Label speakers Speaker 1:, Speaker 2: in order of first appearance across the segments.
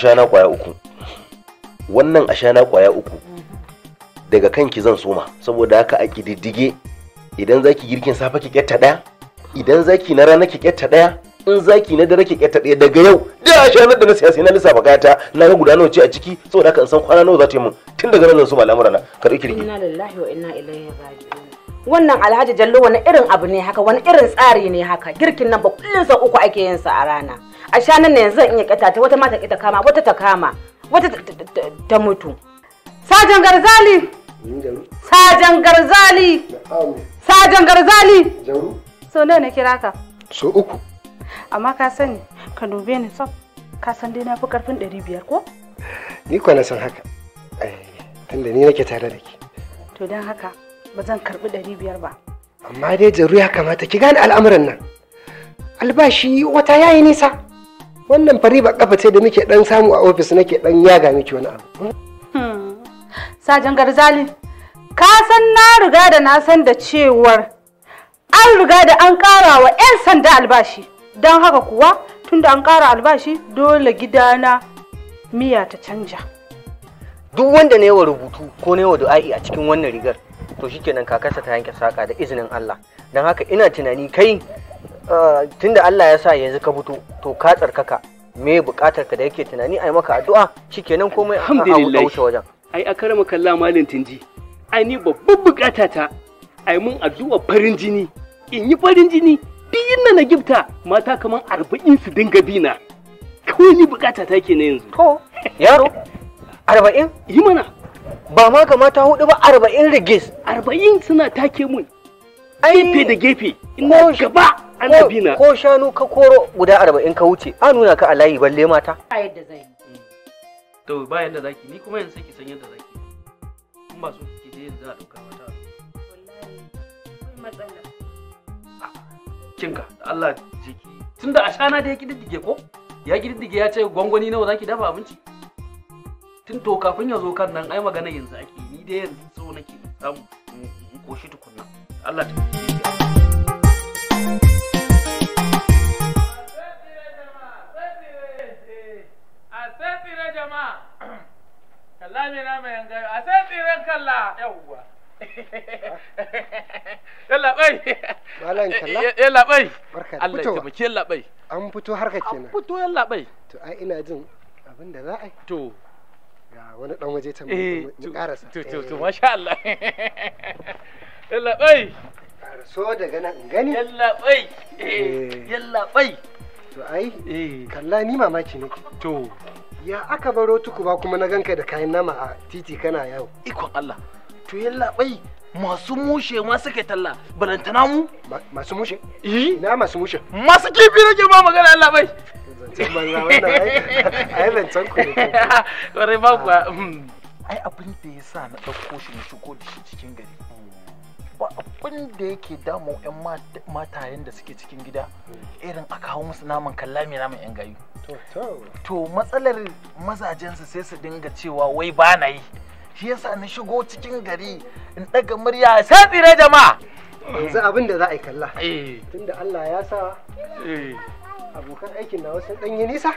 Speaker 1: ashana kwaya uku wannan ashana kwaya uku daga kanki zan soma saboda haka a kididdige idan zaki girkin safa ki ketta daya idan zaki na rana ki ketta daya in zaki na dare ki ketta daya daga yau da ashana da na siya sai na lissafa kayata na ga gudanar ce a ciki saboda haka in san kwana nawa za ta yi mun tun daga nan zan soma al'amura na karɓi kirki inna
Speaker 2: lillahi wa inna ilaihi raji'un wannan alhaji jallo wani irin abu ne haka wani irin tsari ne haka girkin nan ba kullum sau uku ake yin sa a rana a shanan ne yanzu iya kyata ta wata mata ta kama wata ta kama wata ta mutu sajan
Speaker 3: garzali sajan garzali
Speaker 4: sajan garzali so nawa na kira ka so uku amma ka sani ka dube ni tsaf ka san dai na fi karfin ɗari biyar ko
Speaker 3: ni kwana na san haka eh, tunda ni nake tare da ke
Speaker 4: to don haka ba zan karɓi ɗari biyar ba.
Speaker 3: Amma dai jaru ya kamata ki gane al'amuran nan. Albashi wata ya yi nisa. Wannan fari ba kafa ce da muke ɗan samu a ofis nake ɗan yaga miki wani abu.
Speaker 4: Hmm. Sajan Garzali, ka san na riga da na san da cewar an riga da an ƙara wa 'yan sanda albashi. Don haka kuwa tunda an ƙara albashi dole gidana miya ta canja. Duk wanda ne wa rubutu ko ne wa du'a'i a cikin wannan rigar to shikenan kakarsa ta yanke saka da izinin Allah don haka ina tunani kai ah, tunda Allah ya sa yanzu ka fito to ka tsarkaka
Speaker 5: me bukatar ka da yake tunani ai maka addu'a shikenan komai a wuce wajen ai a karama kalla malin tinji ai ni babban bukata ta ai mun addu'a farin jini in yi farin jini biyin na gifta mata kaman arba'in su dinga bina kawai ni bukata ta ke na yanzu to yaro arba'in yi mana ba ma kamata hudu ba arba'in rigis arba'in suna take mun gefe da gefe ina gaba annabi na ko shanu ka koro guda arba'in ka wuce a nuna ka a layi balle mata a yadda zai to ba yadda zaki ni kuma yanzu ki san yadda zaki Kun ba su ki je yanzu a dauka mata
Speaker 4: wallahi matsala
Speaker 5: kinka Allah jiki tunda ashana da ya kididdige ko ya kididdige ya ce gwangwani nawa zaki dafa abinci tun to kafin ya zo kan nan ai magana yanzu ake ni dai yanzu so nake samu in koshi tukunna Allah ta
Speaker 6: tsire jama'a kalla me na mai yangayo a sai tsiren kalla yawwa yalla bai malam kalla yalla bai
Speaker 3: Allah ya taimake yalla bai an fito harka kenan an fito yalla bai to ai ina jin abin da za a yi to wani dan waje ta eh, mu karasa to to to eh.
Speaker 6: masha Allah yalla bai so
Speaker 3: daga nan gani yalla bai
Speaker 6: eh. yalla bai
Speaker 3: to ai kalla ni mamaki ne to ya aka baro tukuba kuma na ganka da kayan nama a titi kana yau
Speaker 6: ikon Allah to yalla bai masu mushe ma suke talla balantana mu masu mushe eh na masu mushe masu kifi nake ba magana Allah bai zancen banza
Speaker 3: wannan ku ne
Speaker 6: kwarai ba kuwa ai abin da ya sa na ɗauko shi na shigo da shi cikin gari ba abin da yake damu yan matayen da suke cikin gida irin a kawo musu naman kalla mai naman yan gayu to matsalar mazajensu sai su dinga cewa wai ba na yi shi ya sa na shigo cikin gari in ɗaga murya sai tsire jama'a yanzu abin da za a yi kalla
Speaker 3: eh. tunda Allah ya sa eh. abokan aikin na wasu ɗanyi nisa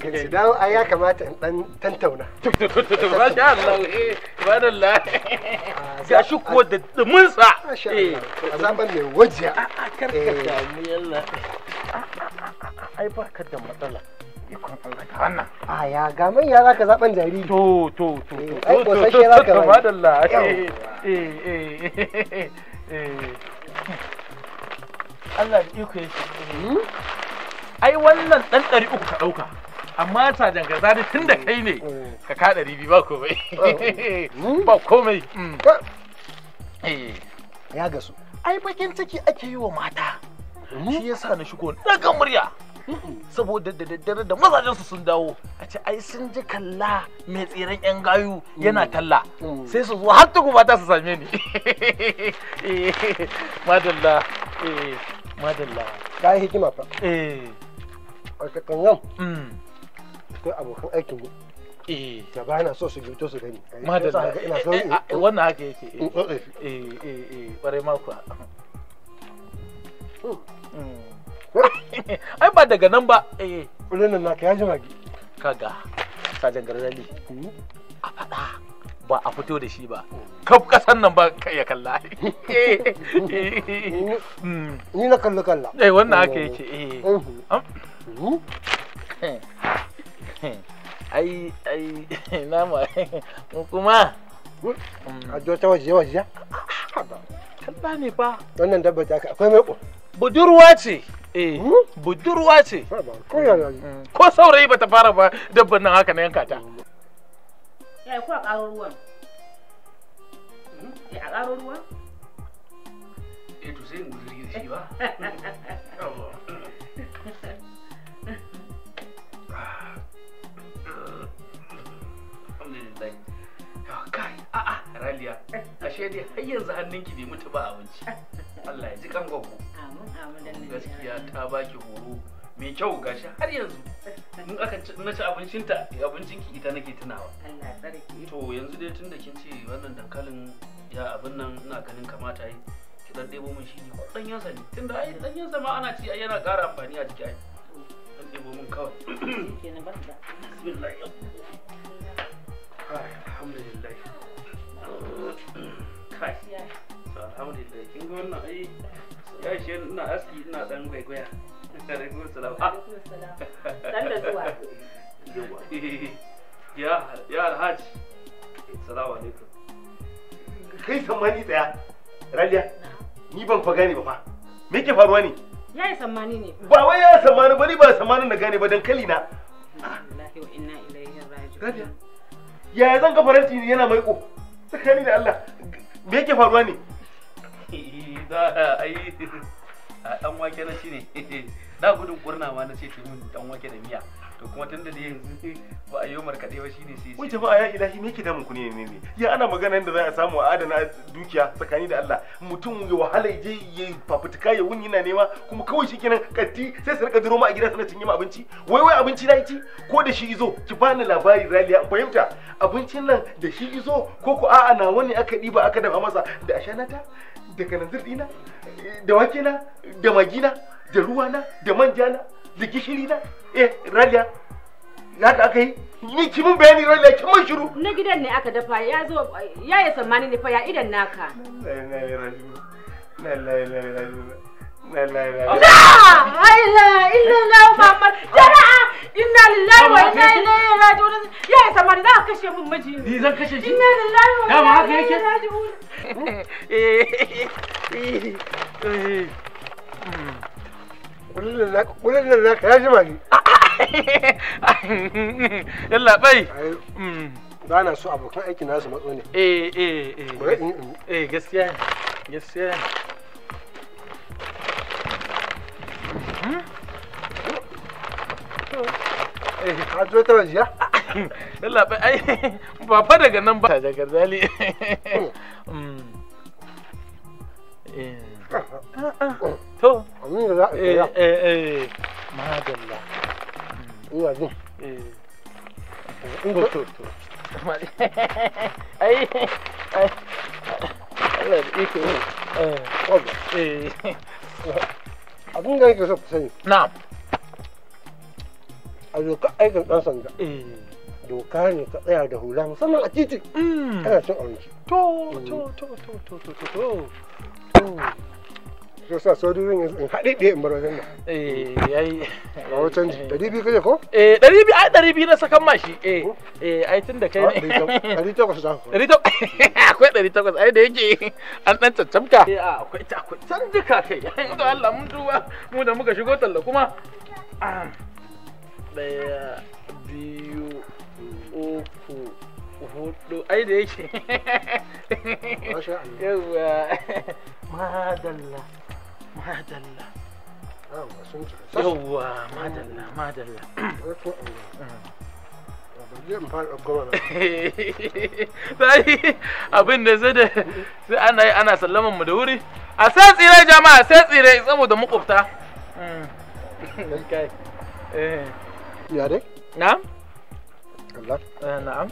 Speaker 3: kan eh. su dawo a ya kamata in ɗan tantauna
Speaker 6: masha Allah eh, ah, ga shi kuwa da a eh. mai wajiya ah, ah, a yalla ai da matsala ikon Allah ka wannan
Speaker 3: a ya ga man ya ka zaɓan jariri to to to ai sai
Speaker 6: ba eh eh eh Allah da iko ai wannan dan ɗari uku ka ɗauka amma ta dangaza da tun da kai ne ka ka ɗari biyu ba komai mm. ba komai mm. eh. ya gasu ai bakin ciki ake yi wa mata mm. shi yasa na shigo daga murya saboda da daddare da su sun dawo a ce ai sun ji kalla mai tseren yan gayu yana talla sai su zo har tuku mata su same ni eh, madalla eh, madalla
Speaker 3: ka hikima fa eh a kakan yau mm. akwai abokan aikin mu eh. da ba yana so su gito su gani eh, madalla ina so eh,
Speaker 6: wannan haka yake mm, mm, eh eh eh bare ma ku ai ba daga nan ba eh nan na kai jimagi kaga sajan garzali a faɗa ba a fito da shi ba kaf kasan nan ba kai ya kalla
Speaker 3: ni na kalla kalla eh wannan haka yake eh
Speaker 6: ai ai namu mu kuma
Speaker 3: a jo ta waje waje
Speaker 6: kalla ne fa
Speaker 3: wannan dabba ta akwai
Speaker 6: mai budurwa ce eh budurwa ce ko saurayi bata fara ba dabban nan haka na yanka ta
Speaker 2: ya ku a karo ruwan ya a karo ruwan
Speaker 5: eh to sai mu jirgi da shi ba alhamdulillah kai a'a raliya ashe dai har yanzu hannunki bai mutu ba abinci Allah ya ji kan gwaggo gaskiya ta baki horo mai kyau gashi har yanzu Mun aka na ci abincinta abincinki ita nake tunawa to yanzu dai tunda kin ce wannan dankalin ya abin nan ina ganin kamata yi ki dan debo mun shi ne ko dan yansa ne tunda ai dan yansa ma ana ci ai yana ƙara amfani a jiki ai dan debo mun kawai bismillah alhamdulillah kai alhamdulillah kin ga wannan ai ya shi ya alhaji assalamu alaikum
Speaker 1: kai sammani raliya ni ban fa gane ba fa me ke faruwa ne
Speaker 2: ya yi sammani ne ba
Speaker 1: ya sammani ba ni ba na gane ba dankali na? ya zan ga faranti ne yana maiko tsakani da Allah me yake faruwa ne
Speaker 5: da ai dan wake na ne da gudun kurna ma na ce tun dan wake da miya to kuma tun da yanzu ba a yi markaɗe ba shine sai wai jama'a
Speaker 1: ya ilahi me yake damun ku ne ne ne ya ana magana yadda za a samu a adana dukiya tsakani da Allah mutum ya wahala je ya fafutuka ya wuni yana nema kuma kawai shikenan katti sai su rika duro ma a gida suna cinye ma abinci wai wai abinci na ci ko da shi izo ki bani labari raliya an fahimta abincin nan da shi izo ko ko a'a na wani aka ɗiba aka dafa masa da ashanata da kananzir ɗina da wake na da magina da ruwana da manjana da gishiri na eh radiya ya da aka yi ni ki bayani radiya ki shiru
Speaker 2: na gidan ne aka dafa ya zo ya yi tsammani ne fa ya idan naka Inna
Speaker 4: lillahi wa inna ilaihi raji'un. Ya yi samari za ka kashe min miji.
Speaker 5: Ni zan kashe shi. Inna
Speaker 4: lillahi wa inna ilaihi raji'un.
Speaker 5: Eh, eh, eh.
Speaker 3: Hmm. Wurin
Speaker 6: Yalla bai. Ba na so abokan aiki na su matso ne. Eh eh eh. Eh gaskiya gaskiya. Ka zo ta wajiya? Yalla bai ai ba daga nan ba. Eh. abin da za a kira eh, eh eh madalla ina jin eh to to to ai ai Allah da iko eh kwaba eh. eh abin da yake so ku sani na'am a doka
Speaker 3: aikin ɗan sanda eh. doka ne ka tsaya da hula musamman a titi mm. kana cin abinci
Speaker 6: to to to
Speaker 3: to to to to so sa so
Speaker 6: duk zan in haɗe ɗaya in bar wajen eh yayi ba wajen ji eh. ɗari biyu kaje ko eh ɗari biyu ai ɗari biyu na sakan mashi eh hmm? eh ai tun da kai ah, ne ɗari takwas za ku ɗari akwai ɗari takwas ai da yake an dan caccamka eh ah, akwai ta akwai duka kai ga Allah mun duba mu da muka shigo talla kuma ah. ɗaya biyu uku hudu ai da yake Allah yawa madalla madalla yawwa madalla madalla abin da da sai ana yi ana sallaman mu da wuri a sai tsire jama'a sai saboda makwabta mm. eh. ya dai na'am eh, na'am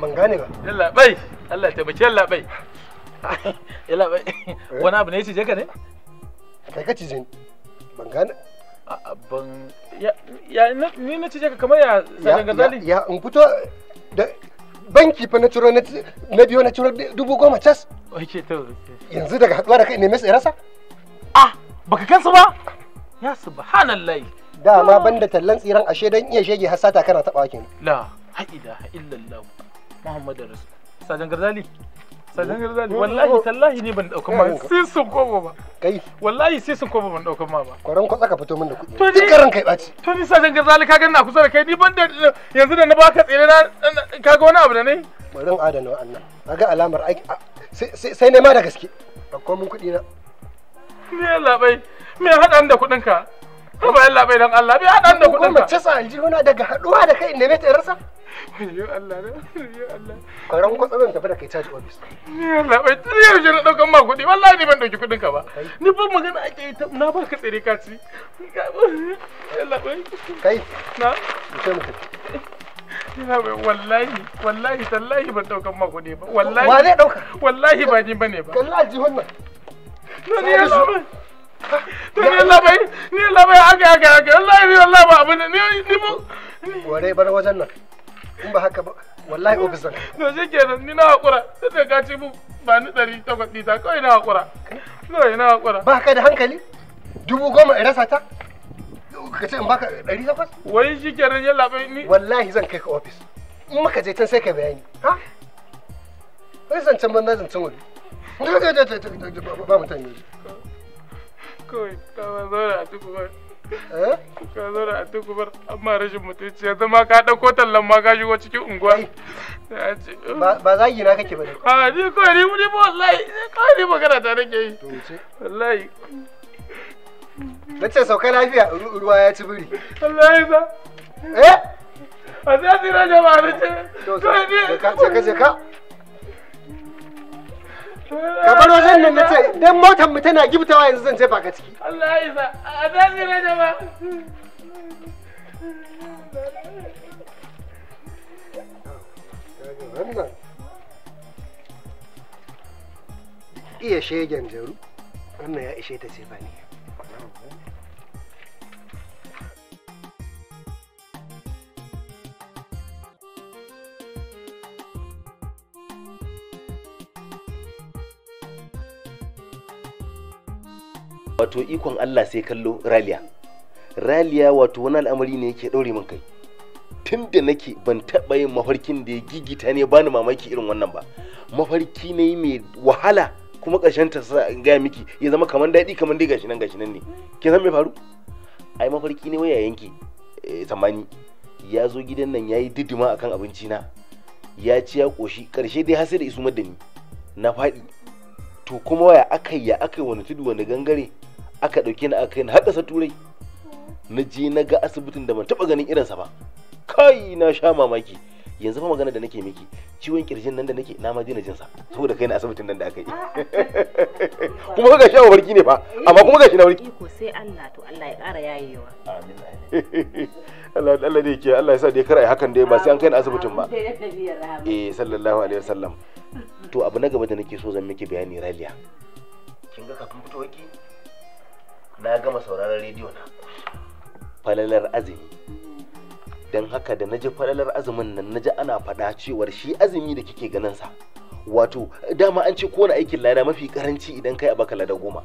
Speaker 6: ban gane ba. bai. Allah ya mace Allah bai Allah bai eh? wani abu ne ya cije ka ne
Speaker 3: kai ka cije ni ban gane ban
Speaker 6: ya ni na cije ka kamar ya sadan
Speaker 3: gazali ya in fito da banki fa na ciro na biyo na ciro dubu goma cas
Speaker 6: oke to yanzu daga haduwa da kai ne mai
Speaker 3: rasa. ah baka kansu ba
Speaker 6: ya subhanallahi dama ah. banda
Speaker 3: tallan tsiran ashe dan iya shege hasata kana taba kenan.
Speaker 6: la haida illallah Muhammadu rasul sajan garzali sajan garzali eh, wallahi tallahi ne ban daukan ma sai sun kobo ba kai wallahi sai sun koma ban daukan
Speaker 7: ma
Speaker 3: ba kwaran kwatsa ka fito min da kuɗi
Speaker 7: to ni kai baci to ni sajan garzali ka ga na kusa da kai ni ban da yanzu da na baka tsere na kaga wani abu da ne
Speaker 3: bari in adana wa'annan kaga alamar aiki sai ne ma da gaske akwai mun kuɗi na ne labai
Speaker 7: me haɗan da kuɗinka to bayan labai dan Allah bi hadan da kudin ka
Speaker 3: sa aljihuna daga haduwa da kai inda mai tsayarsa yo Allah yo Allah karan kwatsarin tafi da kai charge office ni
Speaker 7: Allah bai tun yau shi na daukan ma kudi wallahi ni ban dauki kudin ka ba ni fa magana ake yi na ba ka tsare ka ci Allah bai kai na mutum Ina bai wallahi wallahi tallahi ban daukan ma kudi ba wallahi wa ne dauka wallahi ba ni bane ba
Speaker 3: kallahi jihun nan
Speaker 7: na ne ya to ni labai ni labai aka aka aka wallahi ni wallahi ba abin ni ni mu
Speaker 3: ware bar wajen nan in ba haka ba wallahi ofisar to
Speaker 7: shi kenan ni na hakura sai da ka mu ba ni ɗari takwas ɗita kawai na hakura
Speaker 3: kawai na hakura ba ka da hankali dubu goma in rasa ta ka ce in baka ɗari takwas wai shi kenan ya labai ni wallahi zan kai ka ofis in maka je can sai ka bayani ha wai zancen banza zancen wani ba mutane ne
Speaker 7: kawai eh? ka zauna a tukubar ka zauna a tukubar amma rashin mutunci yanzu ma ka ɗauko tallan ma ka shigo cikin unguwa oh.
Speaker 3: ba za gina kake ba ne
Speaker 7: a ni kawai ni ni ba wallahi kawai ni magana ta nake yi
Speaker 3: wallahi na ce sauka lafiya ruwa ya ci biri wallahi ba eh a sai tsira jama'a na ce kawai ni ka je ka
Speaker 7: ka bar wajen nan na ce
Speaker 3: dan motar mu tana gibtawa yanzu zan jefa ka ciki
Speaker 7: Allah ya sa, a zan
Speaker 3: da iya shegen jaru wannan ya ishe ta ce ba
Speaker 1: wato ikon Allah sai kallo raliya raliya wato wani al'amari ne yake ɗaure min kai tun da nake ban taɓa yin mafarkin da ya gigita ne bani mamaki irin wannan ba mafarki ne mai wahala kuma ƙarshen ta sa gaya miki ya zama kamar daɗi kamar dai gashi nan gashi nan ne ki san me faru ai mafarki ne waya yanki eh, tsammani ya zo gidan nan ya yi didima akan abinci na ya ci ya ƙoshi ƙarshe dai har sai da isu madani ni na faɗi to kuma waya aka ya aka wani tudu wani gangare aka ɗauke ni aka yi har sa turai na je na ga asibitin da ban taɓa ganin irinsa ba kai na sha mamaki yanzu fa magana da nake miki ciwon kirjin nan da nake na ma daina jinsa saboda kai na asibitin nan da aka yi kuma ga sha barki ne fa amma kuma ga shi na barki
Speaker 2: ko sai Allah to Allah ya ƙara yayewa
Speaker 1: amin Allah Allah da ke Allah ya sa da kar ai hakan dai ba sai an kai na asibitin ba eh sallallahu alaihi wasallam to abu na gaba da nake so zan miki bayani raliya kin ga kafin ki na gama sauraron rediyo na falalar azumi don haka da na ji falalar azumin nan naji ana faɗa cewar shi azumi da kike ganin sa wato dama an ce kowane aikin lada mafi karanci idan kai a baka lada goma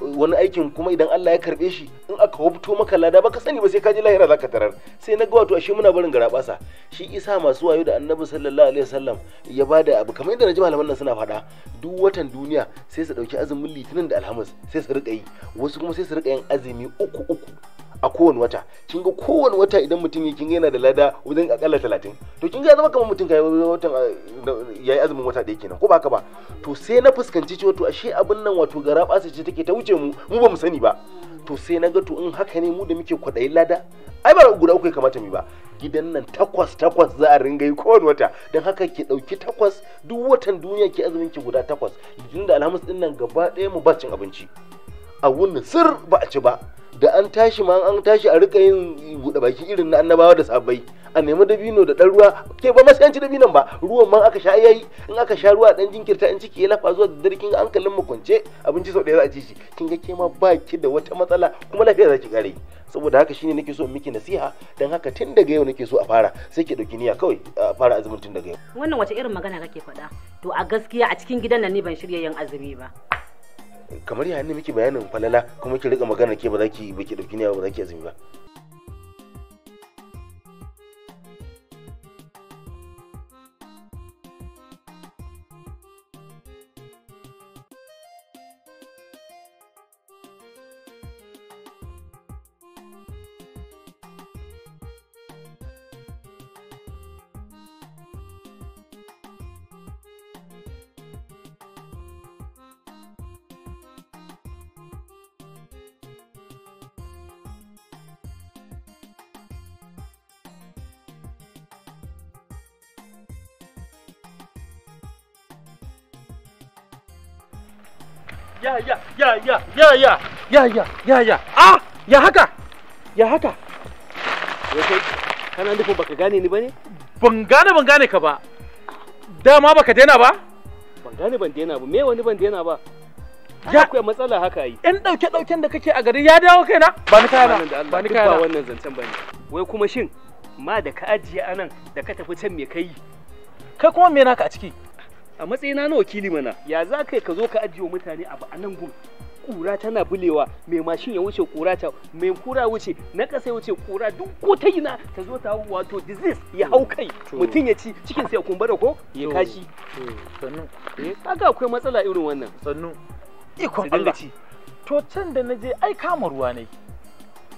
Speaker 1: wani aikin kuma idan Allah ya karbe shi in aka hubto maka lada baka sani ba sai ka ji lahira zaka tarar sai na ga wato ashe muna barin garabasa shi isa masu wayo da annabi sallallahu alaihi wasallam ya bada abu kamar yadda naji malaman nan suna faɗa duk watan duniya sai su dauki azumin litinin da alhamis sai su rika yi wasu kuma sai su rika yin azumi uku uku a kowane wata kin ga kowane wata idan mutum ya kin yana da lada wajen akalla talatin to kin ga zama kamar mutum kai watan eh, yayi azumin wata da ɗaya nan ko ba haka ba to sai na fuskanci cewa to ashe abin nan wato gara ɓasa ce take ta wuce mu mu ba sani ba to sai na ga to in haka ne mu da muke kwaɗayin lada ai ba guda uku ya kamata mu ba gidan nan takwas takwas za a ringa yi kowane wata don haka ke dauki takwas duk watan duniya ke azumin ki guda takwas tunda da alhamis din nan gaba ɗaya mu ba cin abinci a wannan sir ba a ci ba da an tashi ma an tashi a rika yin buɗe baki irin na annabawa da sabai a nemi dabino da ɗan ruwa ke ba masu yanci dabinon ba ruwan man aka sha yayi in aka sha ruwa ɗan jinkirta in ciki ya lafa zuwa da darkin hankalin mu kwance abinci sau ɗaya za a ci shi kin ga ke ma ba ki da wata matsala kuma lafiya za ki kare saboda haka shine nake so miki nasiha dan haka tun daga yau nake so a fara sai ki dauki niyya kawai a fara azumin tun daga yau
Speaker 2: wannan wace irin magana kake faɗa to a gaskiya a cikin gidan nan ne ban shirya yin azumi ba
Speaker 1: kamar yayin da muke bayanin falala kuma ki riga magana ke ba za ki ba ki dauki ne ba za ki azumi ba
Speaker 5: ya
Speaker 7: ya ya ya ya
Speaker 5: ya ya ya ya ah, haka ya haka kai kana nufin baka gane ni ba ne. ban gane ban gane ka ba dama baka daina ba ban gane ban daina ba me wani ban daina ba ya akwai matsala haka yi ɗan ɗauke ɗauken da kake a gari ya dawo kaina ba ni kaya ba ni kayana ba wannan zancen bane wai kuma shin ma da ka ajiye anan da ka tafi can me kai kai kuma me naka a ciki a matsayina na wakili mana ya za kai ka zo ka ajiye wa mutane abu a nan gun kura tana bulewa mai mashin ya wuce kura ta mai kura wuce na kasa ya wuce kura duk ko ta ina ta zo ta wato disease ya hau kai mutum ya ci cikin sai ya ko ya kashi sannu eh, kaga akwai matsala irin wannan sannu ikon Allah to can da naje ai kama ruwa ne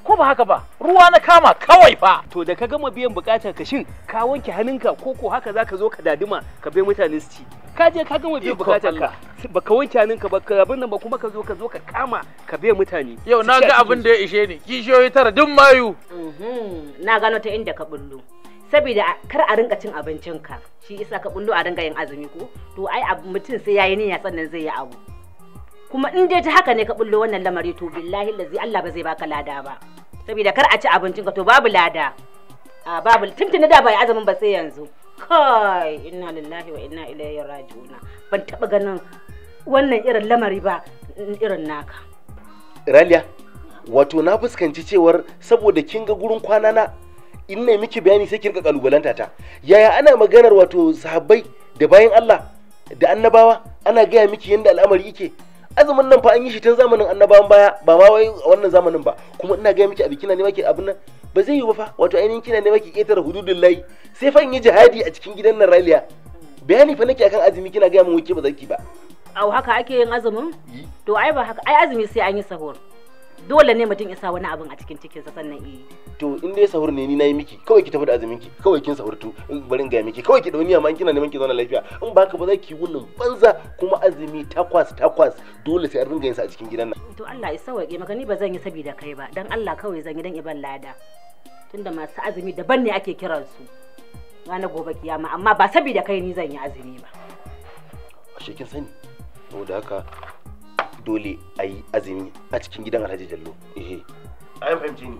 Speaker 5: ko ba haka ba ruwa na kama kawai fa to da ka gama biyan bukatar ka shin ka wanke hannunka ko ko haka zaka zo ka daduma ka bai mutane su ci ka je ka gama biyan bukatar ka ba ka wanke hannunka ba ka abin nan ba kuma ka zo ka zo ka kama ka bai mutane yau na ga abin da
Speaker 6: ya ishe ni kishiyoyi tara duk mayu
Speaker 2: mhm. na gano ta inda ka bullo saboda kar a rinka cin abincinka shi isa ka bullo a rinka yin azumi ko to ai mutum sai yayi niyya sannan zai yi abu kuma in dai ta haka ne ka bullo wannan lamari to billahi lazi Allah ba zai baka lada ba saboda kar a ci abincin ka to babu lada a babu tuntuni da bai azumin ba sai yanzu kai inna lillahi wa inna ilaihi raji'una ban taba ganin wannan irin lamari ba irin naka
Speaker 1: Raliya wato na fuskanci cewar saboda kin ga gurin kwana na in ne miki bayani sai kin kalubalanta ta yaya ana maganar wato sahabbai da bayan Allah da annabawa ana gaya miki yadda al'amari yake azumin nan fa an yi shi tun zamanin annabawan baya ba ma wai wannan zamanin ba kuma ina ga miki abin kina ne maki abin nan ba zai yi ba fa wato ainihin kina ne maki ketare hududun lai sai fa in yi jihadi a cikin gidan nan raliya bayani fa nake akan azumi kina ga mun wuce ba zaki ba
Speaker 2: au haka ake yin azumin to ai ba haka ai azumi sai an yi sahur dole ne mutum ya sa wani abin a cikin cikin sa sannan yi
Speaker 1: to in dai sahur ne ni nayi miki kawai ki tafi da azumin ki kawai kin sahurtu barin ga miki kawai ki dauniya ma in kina neman ki zauna lafiya in ba ka ba za ki wunin banza kuma azumi takwas takwas dole sai an ringa yin sa a cikin gidan nan
Speaker 2: to Allah ya sauke maka ni ba zan yi saboda kai ba dan Allah kawai zan yi dan iban lada tunda masu azumi daban ne ake kiransu na gobe kiyama amma ba saboda kai ni zan yi azumi ba
Speaker 1: ashe kin sani saboda haka dole a yi azumi a cikin gidan alhaji jallo ehe yi fahimci ni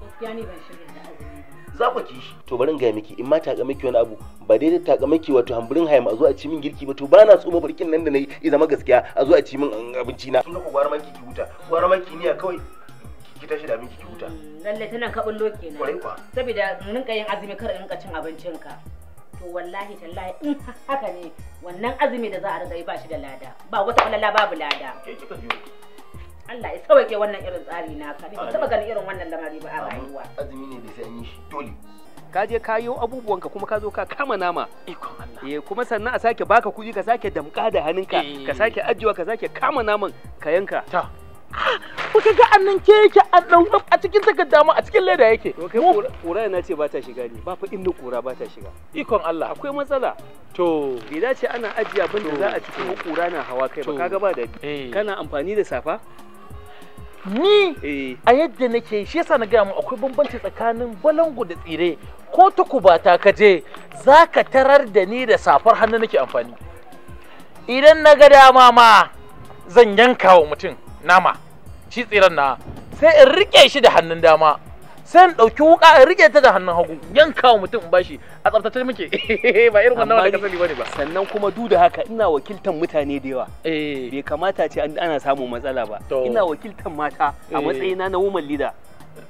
Speaker 1: gaskiya ni ban shirya da azumi za ku ci shi to barin gaya miki in ma ga miki wani abu ba daidai ga miki wato hamburin haima a zo a ci min girki ba to ba na tsoma barkin nan da nayi i zama gaskiya a zo a ci min abinci na sun ku gwara maki ki huta gwara maki niya kawai ki tashi da miki ki huta mm,
Speaker 2: lalle tana kabin loke na kwarai kwa saboda mun rinka yin azumi kar in rinka cin abincin ka to wallahi tallahi in haka ne wannan azumi da za a riga yi ba shi da lada ba wata falala babu lada Allah ya sauke wannan irin tsari na ka ba taba ganin irin wannan lamari ba a rayuwa
Speaker 1: azumi
Speaker 5: ne da sai an yi shi dole ka je ka yi abubuwanka kuma ka zo ka kama nama eh kuma sannan a sake baka kuɗi ka sake damƙa da hannunka eh. ka sake ajiyewa ka sake kama naman ka yanka kuka ga annan ke yake a ɗaure a cikin takarda a cikin leda yake. To kai kura yana ce ba ta shiga ne ba fa inda kura ba ta shiga. Ikon Allah akwai matsala. To bai dace ana ajiye abin da za a cikin kura na hawa kai ba ka gaba da eh. kana amfani da safa ni eh. a yadda nake shi yasa na gaya mu akwai bambanci tsakanin balangu da tsire ko
Speaker 6: tukubata ka je za ka tarar da ni da safar hannu nake amfani idan na ga dama ma zan yanka wa mutum nama shi tsiran na sai in rike shi da hannun dama sai in ɗauki wuƙa in rike ta da hannun hagu yanka wa mutum in bashi a tsaftace muke
Speaker 5: ba irin wannan wanda ka sani bane ba sannan kuma duk da haka ina wakiltan mutane da yawa eh. bai kamata ce ana samun matsala ba ina wakiltan mata a eh. matsayina na woman leader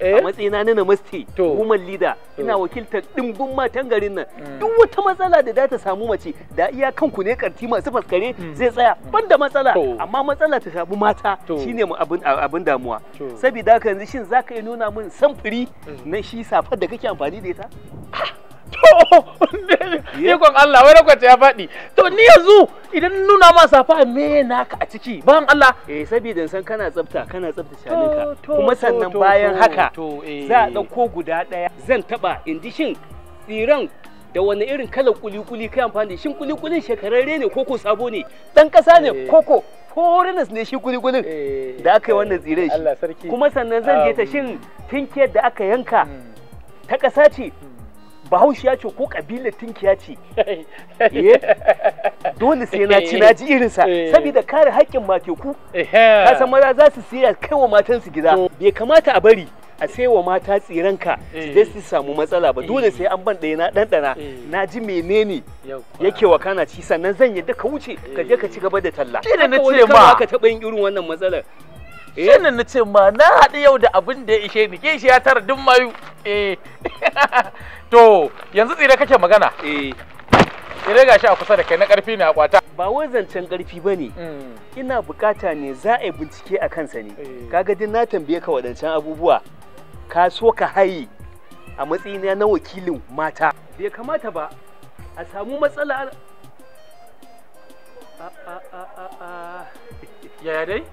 Speaker 5: Eh? a matsayina na namaste woman leader ina wakiltar dimbin matan garin nan mm. duk wata matsala da za ta samu mace da iya kanku ne karti masu faskare mm. zai tsaya mm. ban da matsala amma matsala ta shafi mata shine abin damuwa saboda haka yanzu shin zaka iya nuna min samfuri na shi safar da kake amfani da ita ah! ikon Allah wani kwace ya faɗi to ni yanzu idan nuna ma safa me ka a ciki bayan Allah eh saboda san kana tsafta kana tsafta shaninka kuma sannan bayan haka eh. za a ɗauko guda ɗaya zan taɓa indi shin tsiran da wani irin kalar kuli-kuli kai amfani shin kuli-kulin shekararre ne koko sabo ne dan ƙasa ne koko eh. foreigners ne shi kuli-kulin eh, da aka yi wannan tsirai shi kuma sannan zan je ta um, shin tinkiyar da aka yanka hmm. ta ƙasa ce hmm. bahaushiya ce ko kabila tinkiya ce eh, dole sai na ci naji irinsa eh. saboda kare haƙƙin mateku kasan san maza za su siya kai wa matansu gida bai kamata a bari a sai wa mata tsiranka su eh. su samu matsala ba dole sai an ban ɗaya na ɗanɗana na ji menene yake wa kana ci sannan zan yadda ka wuce ka je ka ci gaba da talla. Ina na ce ka taɓa yin irin wannan matsalar Eh. shi na ce ma na
Speaker 6: haɗu yau da abin da ya ishe ni shi ya tara duk mayu eh. to yanzu tsira kake magana eh. Ina ga gashi a kusa da kai na ƙarfi ne a kwata
Speaker 5: ba wai zancen ƙarfi ba ne mm. ina bukata ne za a yi bincike a kansa ne kaga din na tambaye ka waɗancan abubuwa ka so ka haye a matsayina na wakilin mata bai kamata ba a samu matsala yaya dai?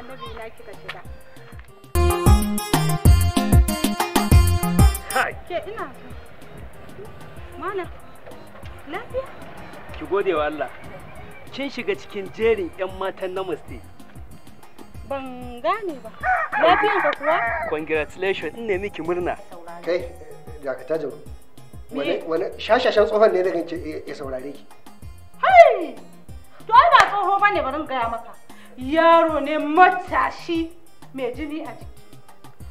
Speaker 4: annabi na kika shiga ke ina mana lafiya
Speaker 5: ki gode wa Allah kin shiga cikin jerin yan matan namaste
Speaker 4: ban gane ba lafiyan ka kuwa
Speaker 5: congratulations ne
Speaker 3: miki murna kai dakata jaru wani shashashan tsohon ne daga ya saurare ki
Speaker 4: hai to ai ba tsoho bane bari gaya maka yaro ne matashi mai jini a jiki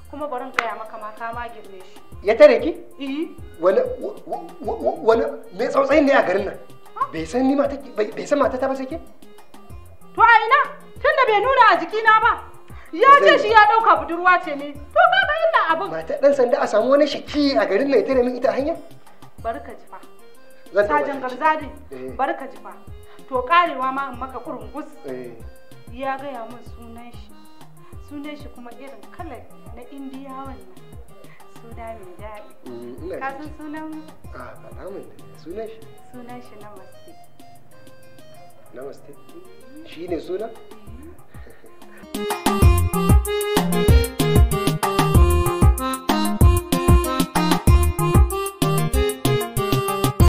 Speaker 4: kuma barin gaya maka ma ma girme shi
Speaker 3: ya tare ki eh. wani wani mai tsautsayin ne a garin nan bai san ni mata bai san mata ta ba sai ke
Speaker 4: to a ina tunda bai nuna a jikina ba ya ce shi ya dauka budurwa ce ne? to ba ga illa abin
Speaker 3: mata dan sanda a samu wani shaki a garin nan ya tare min ita hanya barka ji fa sajan
Speaker 4: garzadi eh. barka ji fa to karewa ma in maka kurungus eh. ya gaya min sunan shi sunan shi kuma irin kalar na indiyawan nan suna mai daɗi mm, ka sunan mu
Speaker 3: ah, sunan shi
Speaker 4: sunan shi namaste
Speaker 3: namaste shi ne sunan eh.